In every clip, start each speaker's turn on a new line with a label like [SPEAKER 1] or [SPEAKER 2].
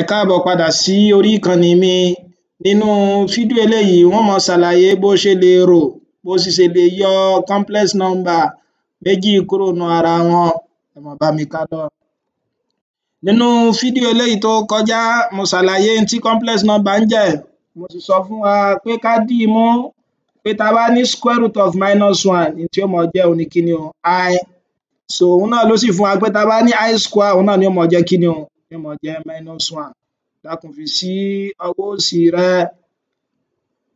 [SPEAKER 1] Ẹ káàbọ̀ padà sí orí ìkànnì mi nínú fídíò eléyìí n ó máa ṣàlàyé bó ṣe lè rò bó sì ṣe lè yọ complex number méjì kúrò nínú ara wọn ẹ máa bá mi ká lọ. Nínú fídíò eléyìí tó kọjá mo ṣàlàyé n complex number ń jẹ́ mo sì sọ fún wa pé ká dìí mú pé ta bá ní square root of minus one n tí ó máa jẹ́ òhun kíni o i so òhun náà ló sì fún wa pé ta bá ní i square òhun náà ni ó máa jẹ́ kíni o yó ma jẹ́ minus one dákun fi sí ọwọ́ òsì rẹ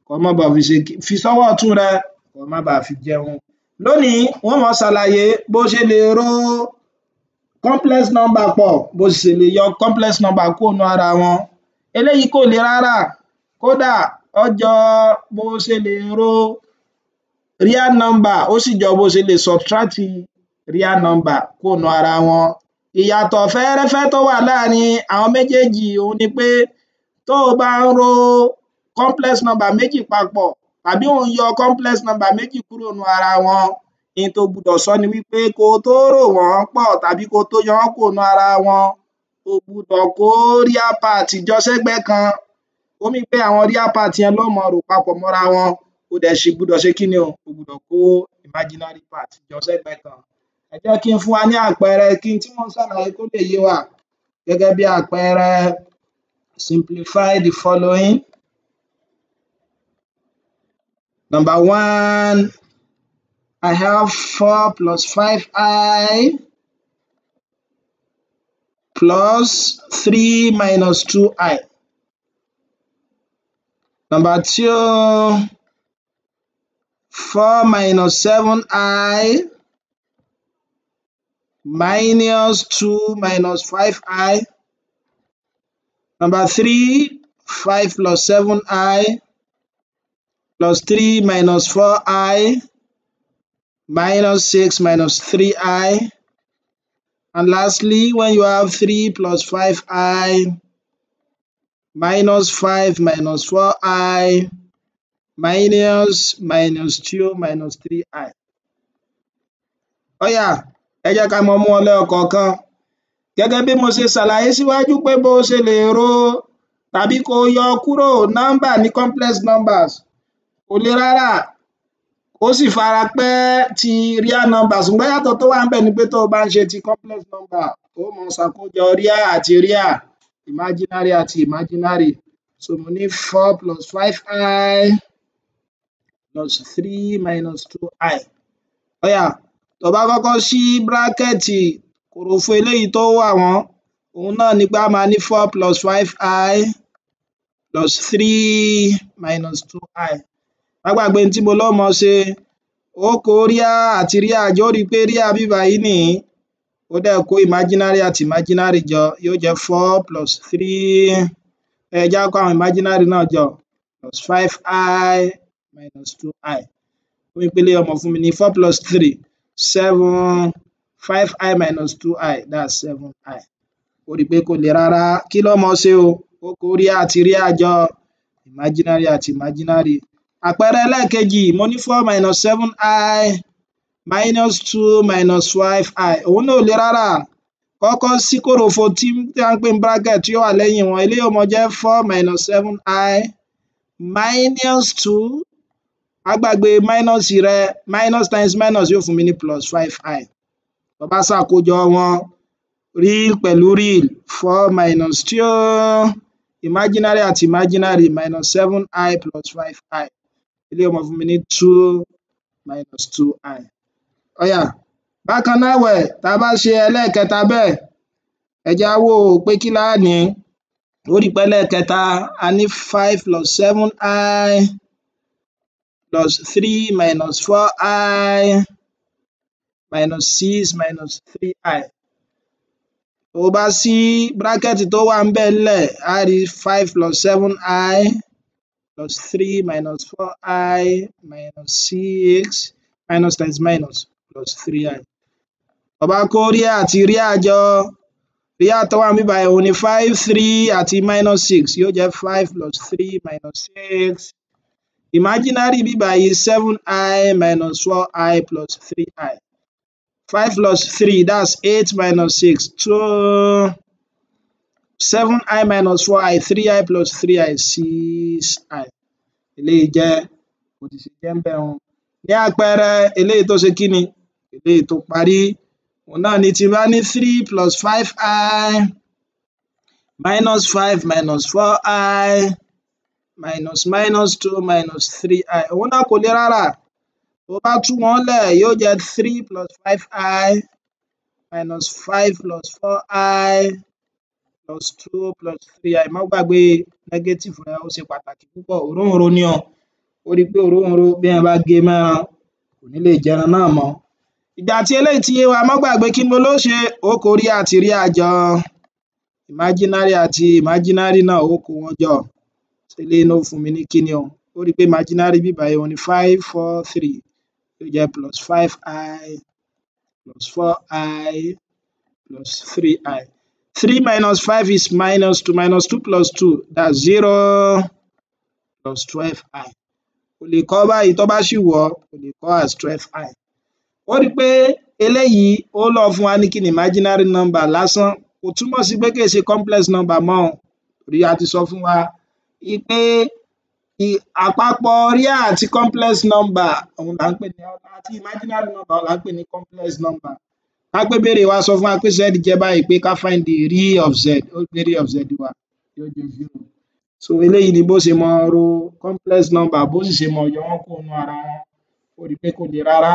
[SPEAKER 1] ko má ba fi ṣe fi sọ́wọ́ ọ̀tún rẹ ko má ba fi jẹun lónìí n ó ma ṣàlàyé bó ṣe lè ró complex number pọ̀ bó ṣe lè yọ complex number kúrò nínú ara wọn eléyìí kò le rárá kódà ó bó ṣe lè ró real number ó sì jọ bó ṣe lè subtract real number kúrò nínú ara wọn Ìyàtọ̀ fẹ́ẹ́rẹ́fẹ́ tó wà láàrin àwọn méjèèjì òhun ni pé tó o bá ń ro complex number méjì papọ̀ tàbí ò ń yọ complex number méjì kúrò nínú ara wọn in tó o gbudọ̀ sọ ni wí pé ko tó rò wọ́n pọ̀ tàbí ko tó yọ wọ́n kúrò ara wọn o gbudọ̀ kó real part jọ sẹ́gbẹ́ kan ó pé àwọn real part yẹn lo máa rò papọ̀ mọ́ra wọn o dẹ̀ ṣì gbudọ̀ ṣe kí ni o o gbudọ̀ kó imaginary part jọ sẹ́gbẹ́ kan ẹ jẹ́ kí n fún wa ní àpẹẹrẹ kí n tí mò ń ṣàlàyé kó lè yé wa gẹ́gẹ́ bí àpẹẹrẹ simplify the following number one I have four plus five i plus three minus two i number two four minus seven i minus 2 minus 5i. Number 3, 5 plus 7i plus 3 minus 4i minus 6 minus 3i. And lastly, when you have 3 plus 5i minus 5 minus 4i minus minus 2 minus 3i. Oh yeah, ẹ jẹ́ ká mọ mú wọn lẹ́ọ̀kọ̀ọ̀kan gẹ́gẹ́ bí mo ṣe ṣàlàyé síwájú pé bó o ṣe lè ro tàbí kó o yọ kúrò nọ́mbà ní complex numbers kò le rárá ó sì fara pẹ́ ti real numbers ṣùgbọ́n yàtọ̀ tó wà ńbẹ̀ ni pé tó o bá ń ṣe ti complex number ó mọ ṣàkójọ real àti real imaginary àti imaginary so mo ní four plus five i plus three minus two i ó Oh, yeah tó bá kọ́kọ́ ṣí bírákẹ̀tì kòròfo eléyìí tó wà wọ́n òhun náà ni pé á máa ní four plus five i plus three minus two i má gbàgbé ohun tí mo lọ́ mọ ṣe ó kó ríà àti ríà jọ rí i pé ríà bíbá yìí nìyí ó dẹ̀ kó imaginary àti imaginary jọ yóò jẹ́ four plus three ẹ jẹ́ àwọn imaginary náà jọ plus five i minus two i fún ìpele ọmọ fún mi ní four plus three seven five i minus two i that's seven i ó rí i pé kò le rárá kí lọ́mọ ṣe o ó kó rí àti rí àjọ imaginary àti imaginary àpẹẹrẹ ẹlẹ́ẹ̀kejì mo ní four minus seven i minus two minus five i òun náà ò le rárá kọ́kọ́ sí kòròfo tí à ń pè ní bracket tí ó wà lẹ́yìn wọn eléyìí ó mọ jẹ́ four minus seven i minus two á gbàgbé minus rẹ minus times minus yóò fún mi ní plus five i tó bá ṣàkójọ wọn real pẹ̀lú real four minus two imaginary àti imaginary minus seven i plus five i eléyìí ó máa fún mi ní two minus two i ó yá bákan náà wẹ̀ tá a bá ṣe ẹlẹ́ẹ̀kẹta bẹ́ẹ̀ ẹ já wò pé kí la lórí pẹlẹ a ní five plus seven i plus 3 minus 4i minus 6 minus 3i tó o bá ṣí bírákẹ́tì tó wà ńbẹ̀ ńlẹ̀ á rí 5 plus 7i plus 3 minus 4i minus 6 minus times minus plus 3i tó bá kó ríà àti ríà jọ ríà tó wà ńbí báyìí òun ni 5 3 àti minus 6 yóò jẹ́ 5 plus 3 minus 6 Imaginary bíbáyìí seven i minus four i plus three i five plus three that's eight minus six two seven i minus four i three i plus three i six i eléyìí jẹ́ bó ti ṣe jẹ́ ń ní àpẹẹrẹ eléyìí tó ṣe kí ni eléyìí tó parí òun náà ni tí n bá ní three plus five i minus five minus four i minus minus two minus three i òun náà kò le rárá tó bá tú wọn lẹ̀ yóò jẹ́ three plus five i minus five plus four i plus two plus three i má gbàgbé negative rẹ ó ṣe pàtàkì púpọ̀ òróǹro ni o ó rí i pé òróǹro bí wọn bá gé mẹ́ran kò ní lè jẹran náà mọ́ ìgbà tí eléyìí ti yé wa má gbàgbé kí mo ló ṣe ó kó rí àti àjọ imaginary àti imaginary náà ó kó wọn jọ eléyìí náà ó fún mi ní kíni o ó rí pé imaginary bíbà yìí òhun ni five four three yóò jẹ́ plus five i plus four i plus three i three minus five is minus two minus two plus two that's zero plus twelve i kò lè kọ́ báyìí tó bá sì wọ̀ ọ́ lè kọ́ as twelve i ó rí pé eléyìí ó lọ fún wa ní kíni imaginary number lásán kò túmọ̀ sí pé kì í ṣe complex number mọ́ o torí a ti sọ fún wa pé àpapọ̀ real àti complex number òhun là ń pè ní àti imaginary number òhun là ń pè ní complex number. Ká pé ìbéèrè wa sọ fún wa pé z jẹ́ báyìí pé ká find the real of z, ó gbé real of z wá yó jẹ́ zero. So eléyìí ni bó ṣe mọ ro complex number bó sì ṣe mọ yọ wọ́n kúrò nínú ara wọn, ó ri pé kò le rárá.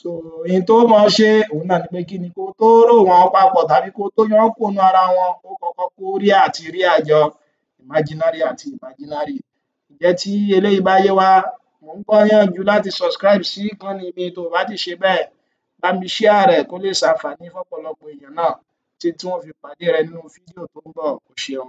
[SPEAKER 1] So ohun tó mọ ṣe òhun náà ni pé kí ni, kó tó rò wọ́n papọ̀ tàbí kó tó yọ wọ́n kúrò nínú ara wọn, ó kọ́kọ́ kó real àti real jọ imaginary àti imaginary. Ǹjẹ́ tí eléyìí bá yé wa mò ń gbọ́yànjú láti subscribe sí ìkànnì mi tó o bá ti ṣe bẹ́ẹ̀ bá mi share rẹ̀ kó lè ṣàǹfààní fọ́pọ̀lọpọ̀ èèyàn náà títí tí wọ́n fi pàdé rẹ nínú fídíò tó ń bọ̀ o ṣeun.